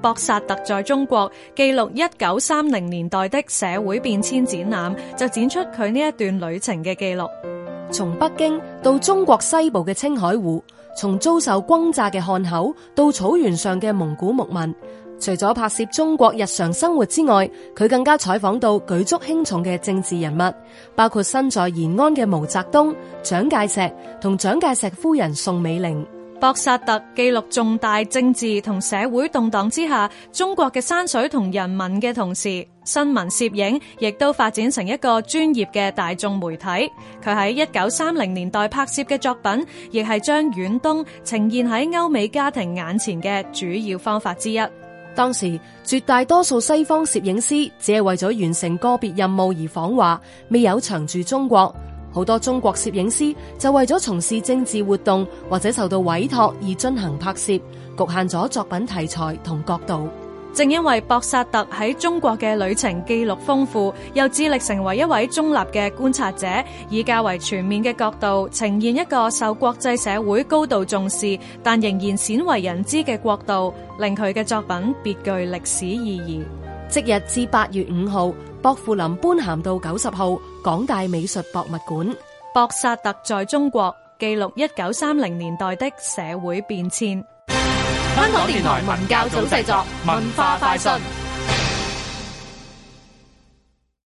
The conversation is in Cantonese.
博薩特在中國記錄一九三零年代的社會變遷展覽，就展出佢呢一段旅程嘅記錄。從北京到中國西部嘅青海湖，從遭受轟炸嘅漢口到草原上嘅蒙古牧民，除咗拍攝中國日常生活之外，佢更加採訪到舉足輕重嘅政治人物，包括身在延安嘅毛澤東、蔣介石同蔣介石夫人宋美齡。博薩特記錄重大政治同社會動盪之下中國嘅山水同人民嘅同時，新聞攝影亦都發展成一個專業嘅大眾媒體。佢喺一九三零年代拍攝嘅作品，亦係將遠東呈現喺歐美家庭眼前嘅主要方法之一。當時絕大多數西方攝影師只係為咗完成個別任務而訪華，未有長住中國。好多中國攝影師就為咗從事政治活動或者受到委託而進行拍攝，局限咗作品題材同角度。正因為博薩特喺中國嘅旅程記錄豐富，又致力成為一位中立嘅觀察者，以較為全面嘅角度呈現一個受國際社會高度重視但仍然鮮為人知嘅國度，令佢嘅作品別具歷史意義。即日至八月五號。薄扶林般咸道九十號，港大美術博物館。博薩特在中國記錄一九三零年代的社會變遷。香港電台文教組製作，文化快訊。